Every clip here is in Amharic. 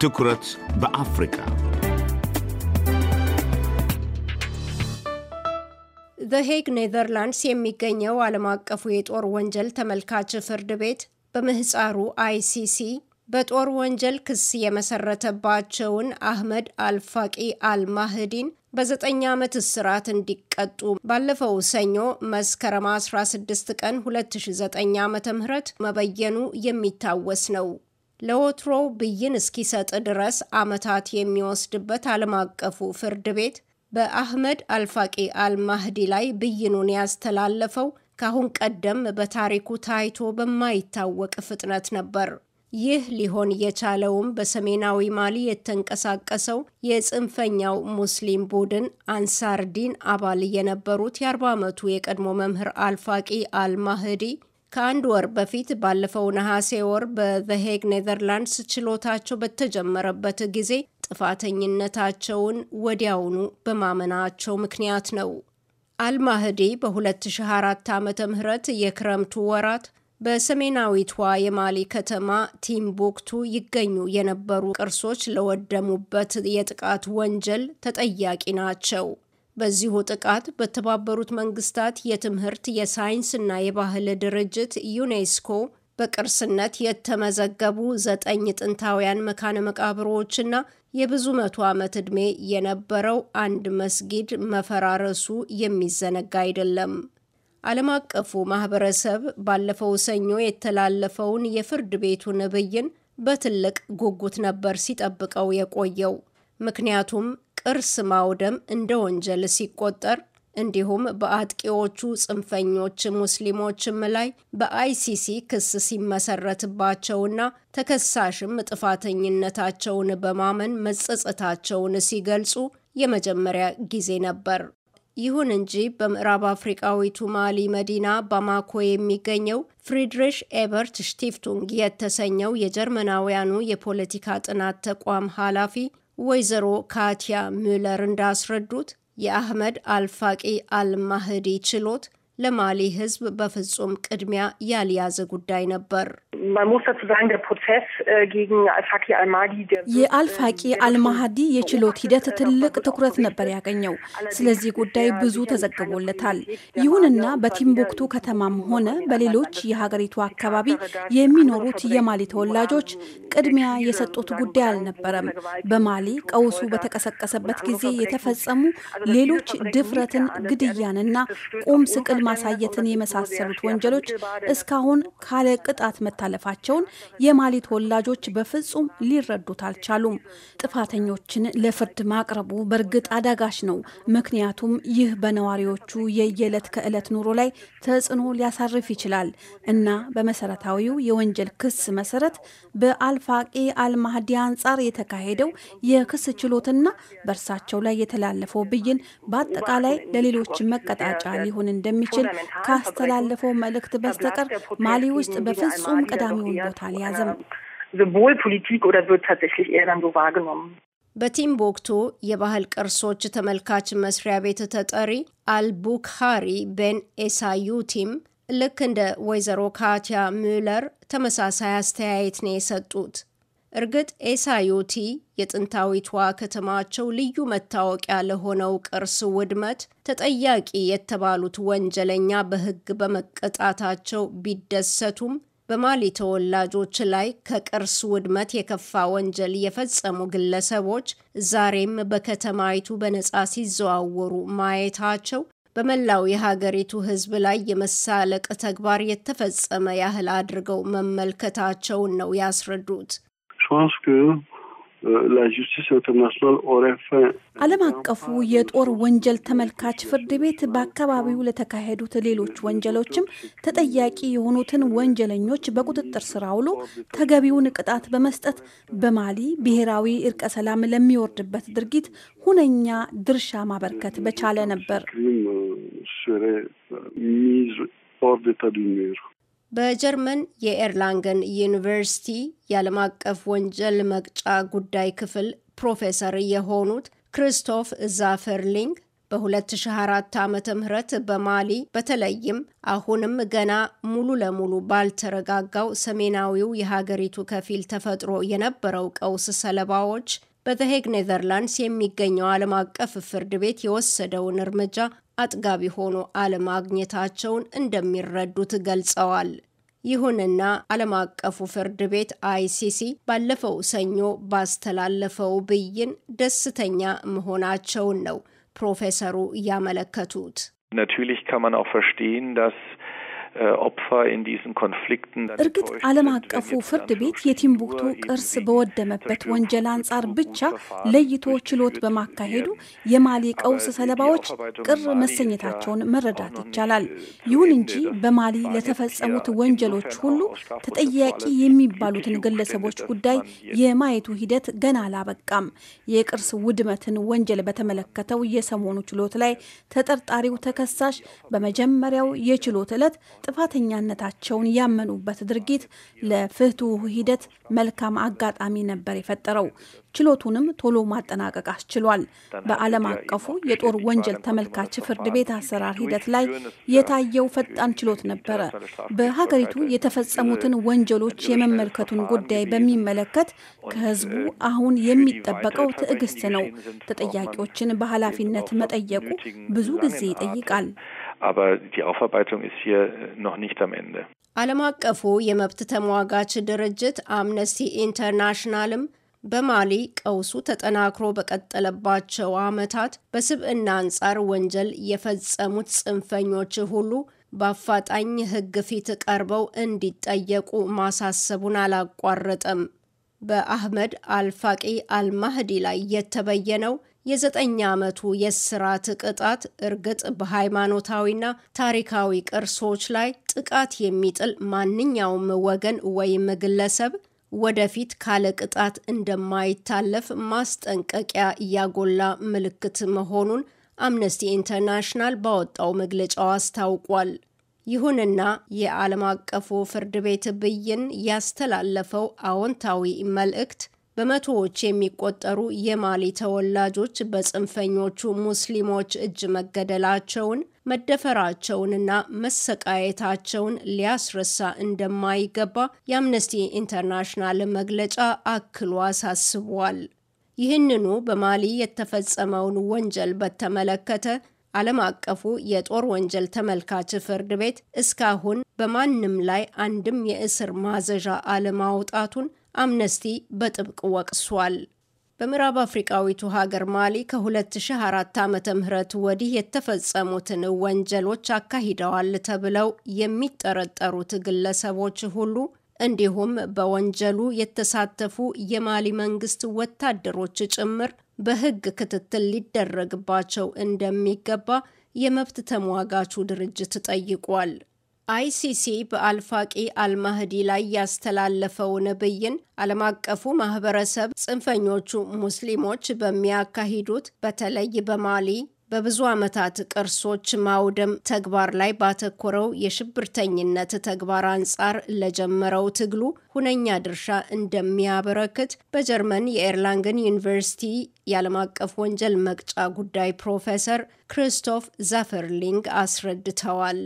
ትኩረት በአፍሪካ ዘሄግ ኔዘርላንድስ የሚገኘው ዓለም አቀፉ የጦር ወንጀል ተመልካች ፍርድ ቤት በምህፃሩ አይሲሲ በጦር ወንጀል ክስ የመሰረተባቸውን አህመድ አልፋቂ አልማህዲን በዘጠኝ ዓመት እስራት እንዲቀጡ ባለፈው ሰኞ መስከረም 16 ቀን 2009 ዓ ም መበየኑ የሚታወስ ነው። ለወትሮው ብይን እስኪሰጥ ድረስ ዓመታት የሚወስድበት ዓለም አቀፉ ፍርድ ቤት በአህመድ አልፋቂ አልማህዲ ላይ ብይኑን ያስተላለፈው ከአሁን ቀደም በታሪኩ ታይቶ በማይታወቅ ፍጥነት ነበር። ይህ ሊሆን የቻለውም በሰሜናዊ ማሊ የተንቀሳቀሰው የጽንፈኛው ሙስሊም ቡድን አንሳር ዲን አባል የነበሩት የ40 ዓመቱ የቀድሞ መምህር አልፋቂ አልማህዲ ከአንድ ወር በፊት ባለፈው ነሐሴ ወር በዘሄግ ኔዘርላንድስ ችሎታቸው በተጀመረበት ጊዜ ጥፋተኝነታቸውን ወዲያውኑ በማመናቸው ምክንያት ነው። አልማህዲ በ2004 ዓ ም የክረምቱ ወራት በሰሜናዊቷ የማሊ ከተማ ቲምቡክቱ ይገኙ የነበሩ ቅርሶች ለወደሙበት የጥቃት ወንጀል ተጠያቂ ናቸው። በዚሁ ጥቃት በተባበሩት መንግስታት የትምህርት የሳይንስና የባህል ድርጅት ዩኔስኮ በቅርስነት የተመዘገቡ ዘጠኝ ጥንታውያን መካነ መቃብሮችና የብዙ መቶ ዓመት ዕድሜ የነበረው አንድ መስጊድ መፈራረሱ የሚዘነጋ አይደለም። ዓለም አቀፉ ማህበረሰብ ባለፈው ሰኞ የተላለፈውን የፍርድ ቤቱን ብይን በትልቅ ጉጉት ነበር ሲጠብቀው የቆየው። ምክንያቱም ቅርስ ማውደም እንደ ወንጀል ሲቆጠር እንዲሁም በአጥቂዎቹ ጽንፈኞች ሙስሊሞችም ላይ በአይሲሲ ክስ ሲመሰረትባቸውና ተከሳሽም ጥፋተኝነታቸውን በማመን መጸጸታቸውን ሲገልጹ የመጀመሪያ ጊዜ ነበር። ይሁን እንጂ በምዕራብ አፍሪቃዊቱ ማሊ መዲና ባማኮ የሚገኘው ፍሪድሪሽ ኤበርት ሽቲፍቱንግ የተሰኘው የጀርመናውያኑ የፖለቲካ ጥናት ተቋም ኃላፊ ወይዘሮ ካቲያ ሚለር እንዳስረዱት የአህመድ አልፋቂ አልማህዲ ችሎት ለማሊ ህዝብ በፍጹም ቅድሚያ ያልያዘ ጉዳይ ነበር። የአልፋቂ አልማሃዲ የችሎት ሂደት ትልቅ ትኩረት ነበር ያገኘው። ስለዚህ ጉዳይ ብዙ ተዘግቦለታል። ይሁንና በቲምቡክቱ ከተማም ሆነ በሌሎች የሀገሪቱ አካባቢ የሚኖሩት የማሊ ተወላጆች ቅድሚያ የሰጡት ጉዳይ አልነበረም። በማሊ ቀውሱ በተቀሰቀሰበት ጊዜ የተፈጸሙ ሌሎች ድፍረትን፣ ግድያንና ቁም ስቅል ማሳየትን የመሳሰሉት ወንጀሎች እስካሁን ካለ ቅጣት መታለፋቸውን የማሊ ተወላጆች በፍጹም ሊረዱት አልቻሉም። ጥፋተኞችን ለፍርድ ማቅረቡ በእርግጥ አዳጋች ነው። ምክንያቱም ይህ በነዋሪዎቹ የየዕለት ከዕለት ኑሮ ላይ ተጽዕኖ ሊያሳርፍ ይችላል እና በመሰረታዊው የወንጀል ክስ መሰረት በአልፋቂ አልማህዲ አንጻር የተካሄደው የክስ ችሎትና በእርሳቸው ላይ የተላለፈው ብይን በአጠቃላይ ለሌሎች መቀጣጫ ሊሆን እንደሚችል ቴሌቪዥን ካስተላለፈው መልእክት በስተቀር ማሊ ውስጥ በፍጹም ቀዳሚውን ቦታ አልያዘም። በቲምቦክቱ የባህል ቅርሶች ተመልካች መስሪያ ቤት ተጠሪ አልቡክሃሪ ቤን ቲም ልክ እንደ ወይዘሮ ካቲያ ሚለር ተመሳሳይ አስተያየት ነው የሰጡት። እርግጥ ኤሳዮቲ የጥንታዊቷ ከተማቸው ልዩ መታወቂያ ለሆነው ቅርስ ውድመት ተጠያቂ የተባሉት ወንጀለኛ በሕግ በመቀጣታቸው ቢደሰቱም በማሊ ተወላጆች ላይ ከቅርስ ውድመት የከፋ ወንጀል የፈጸሙ ግለሰቦች ዛሬም በከተማይቱ በነጻ ሲዘዋወሩ ማየታቸው በመላው የሀገሪቱ ህዝብ ላይ የመሳለቅ ተግባር የተፈጸመ ያህል አድርገው መመልከታቸውን ነው ያስረዱት። pense que euh, ዓለም አቀፉ የጦር ወንጀል ተመልካች ፍርድ ቤት በአካባቢው ለተካሄዱት ሌሎች ወንጀሎችም ተጠያቂ የሆኑትን ወንጀለኞች በቁጥጥር ስር አውሎ ተገቢውን ቅጣት በመስጠት በማሊ ብሔራዊ እርቀ ሰላም ለሚወርድበት ድርጊት ሁነኛ ድርሻ ማበርከት በቻለ ነበር። በጀርመን የኤርላንገን ዩኒቨርሲቲ የዓለም አቀፍ ወንጀል መቅጫ ጉዳይ ክፍል ፕሮፌሰር የሆኑት ክሪስቶፍ ዛፈርሊንግ በ2004 ዓ ም በማሊ በተለይም አሁንም ገና ሙሉ ለሙሉ ባልተረጋጋው ሰሜናዊው የሀገሪቱ ከፊል ተፈጥሮ የነበረው ቀውስ ሰለባዎች በተሄግ ኔዘርላንድስ የሚገኘው ዓለም አቀፍ ፍርድ ቤት የወሰደውን እርምጃ አጥጋቢ ሆኖ አለማግኘታቸውን እንደሚረዱት ገልጸዋል። ይሁንና ዓለም አቀፉ ፍርድ ቤት አይሲሲ ባለፈው ሰኞ ባስተላለፈው ብይን ደስተኛ መሆናቸውን ነው ፕሮፌሰሩ ያመለከቱት። Natürlich kann man auch verstehen, dass Äh, እርግጥ ዓለም አቀፉ ፍርድ ቤት የቲምቡክቱ ቅርስ በወደመበት ወንጀል አንጻር ብቻ ለይቶ ችሎት በማካሄዱ የማሊ ቀውስ ሰለባዎች ቅር መሰኘታቸውን መረዳት ይቻላል። äh, ይሁን እንጂ በማሊ ለተፈጸሙት ወንጀሎች ሁሉ ተጠያቂ የሚባሉትን ግለሰቦች ጉዳይ የማየቱ ሂደት ገና አላበቃም። የቅርስ ውድመትን ወንጀል በተመለከተው የሰሞኑ ችሎት ላይ ተጠርጣሪው ተከሳሽ በመጀመሪያው የችሎት ዕለት ጥፋተኛነታቸውን ያመኑበት ድርጊት ለፍትሁ ሂደት መልካም አጋጣሚ ነበር የፈጠረው። ችሎቱንም ቶሎ ማጠናቀቅ አስችሏል። በዓለም አቀፉ የጦር ወንጀል ተመልካች ፍርድ ቤት አሰራር ሂደት ላይ የታየው ፈጣን ችሎት ነበረ። በሀገሪቱ የተፈጸሙትን ወንጀሎች የመመልከቱን ጉዳይ በሚመለከት ከህዝቡ አሁን የሚጠበቀው ትዕግስት ነው። ተጠያቂዎችን በኃላፊነት መጠየቁ ብዙ ጊዜ ይጠይቃል። Aber die Aufarbeitung ist hier äh, noch nicht am Ende. ዓለም አቀፉ የመብት ተሟጋች ድርጅት አምነስቲ ኢንተርናሽናልም በማሊ ቀውሱ ተጠናክሮ በቀጠለባቸው ዓመታት በስብዕና አንጻር ወንጀል የፈጸሙት ጽንፈኞች ሁሉ በአፋጣኝ ሕግ ፊት ቀርበው እንዲጠየቁ ማሳሰቡን አላቋረጠም። በአህመድ አልፋቂ አልማህዲ ላይ የተበየነው የዘጠኝ ዓመቱ የእስራት ቅጣት እርግጥ በሃይማኖታዊና ታሪካዊ ቅርሶች ላይ ጥቃት የሚጥል ማንኛውም ወገን ወይም ግለሰብ ወደፊት ካለ ቅጣት እንደማይታለፍ ማስጠንቀቂያ እያጎላ ምልክት መሆኑን አምነስቲ ኢንተርናሽናል ባወጣው መግለጫው አስታውቋል። ይሁንና የዓለም አቀፉ ፍርድ ቤት ብይን ያስተላለፈው አዎንታዊ መልእክት በመቶዎች የሚቆጠሩ የማሊ ተወላጆች በጽንፈኞቹ ሙስሊሞች እጅ መገደላቸውን መደፈራቸውንና መሰቃየታቸውን ሊያስረሳ እንደማይገባ የአምነስቲ ኢንተርናሽናል መግለጫ አክሎ አሳስቧል። ይህንኑ በማሊ የተፈጸመውን ወንጀል በተመለከተ ዓለም አቀፉ የጦር ወንጀል ተመልካች ፍርድ ቤት እስካሁን በማንም ላይ አንድም የእስር ማዘዣ አለማውጣቱን አምነስቲ በጥብቅ ወቅሷል። በምዕራብ አፍሪቃዊቱ ሀገር ማሊ ከ2004 ዓ ም ወዲህ የተፈጸሙትን ወንጀሎች አካሂደዋል ተብለው የሚጠረጠሩት ግለሰቦች ሁሉ እንዲሁም በወንጀሉ የተሳተፉ የማሊ መንግስት ወታደሮች ጭምር በሕግ ክትትል ሊደረግባቸው እንደሚገባ የመብት ተሟጋቹ ድርጅት ጠይቋል። አይሲሲ በአልፋቂ አልማህዲ ላይ ያስተላለፈውን ብይን ዓለም አቀፉ ማህበረሰብ ጽንፈኞቹ ሙስሊሞች በሚያካሂዱት በተለይ በማሊ በብዙ ዓመታት ቅርሶች ማውደም ተግባር ላይ ባተኮረው የሽብርተኝነት ተግባር አንጻር ለጀመረው ትግሉ ሁነኛ ድርሻ እንደሚያበረክት በጀርመን የኤርላንግን ዩኒቨርሲቲ የዓለም አቀፍ ወንጀል መቅጫ ጉዳይ ፕሮፌሰር ክሪስቶፍ ዛፈርሊንግ አስረድተዋል።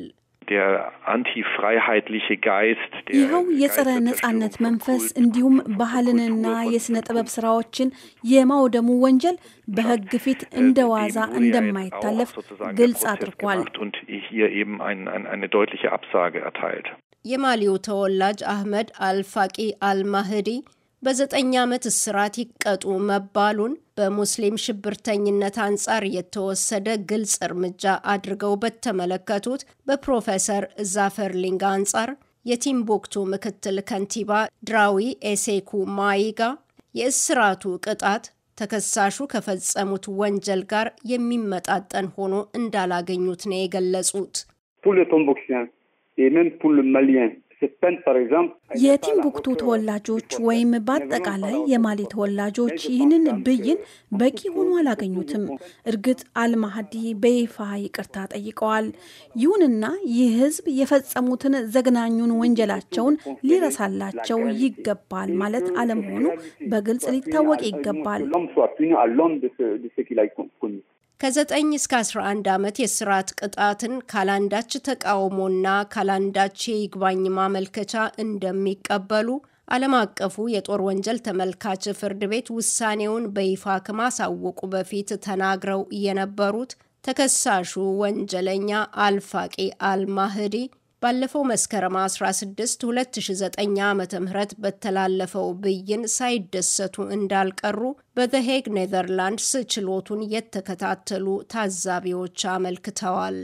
ይኸው የጸረ ነጻነት መንፈስ እንዲሁም ባህልንና የሥነ ጥበብ ስራዎችን የማውደሙ ወንጀል በሕግ ፊት እንደ ዋዛ እንደማይታለፍ ግልጽ አድርጓል። የማሊው ተወላጅ አህመድ አልፋቂ አልማህዲ በዘጠኝ ዓመት እስራት ይቀጡ መባሉን በሙስሊም ሽብርተኝነት አንጻር የተወሰደ ግልጽ እርምጃ አድርገው በተመለከቱት በፕሮፌሰር ዛፈር ሊንጋ አንጻር የቲምቦክቱ ምክትል ከንቲባ ድራዊ ኤሴኩ ማይጋ የእስራቱ ቅጣት ተከሳሹ ከፈጸሙት ወንጀል ጋር የሚመጣጠን ሆኖ እንዳላገኙት ነው የገለጹት። የቲምቡክቱ ተወላጆች ወይም በአጠቃላይ የማሊ ተወላጆች ይህንን ብይን በቂ ሆኖ አላገኙትም። እርግጥ አልማህዲ በይፋ ይቅርታ ጠይቀዋል። ይሁንና ይህ ህዝብ የፈጸሙትን ዘግናኙን ወንጀላቸውን ሊረሳላቸው ይገባል ማለት አለመሆኑ በግልጽ ሊታወቅ ይገባል። ከ9 እስከ 11 ዓመት የስርዓት ቅጣትን ካላንዳች ተቃውሞና ካላንዳች የይግባኝ ማመልከቻ እንደሚቀበሉ ዓለም አቀፉ የጦር ወንጀል ተመልካች ፍርድ ቤት ውሳኔውን በይፋ ከማሳወቁ በፊት ተናግረው የነበሩት ተከሳሹ ወንጀለኛ አልፋቂ አልማህዲ ባለፈው መስከረም 16 2009 ዓ ም በተላለፈው ብይን ሳይደሰቱ እንዳልቀሩ በዘሄግ ኔዘርላንድስ ችሎቱን የተከታተሉ ታዛቢዎች አመልክተዋል።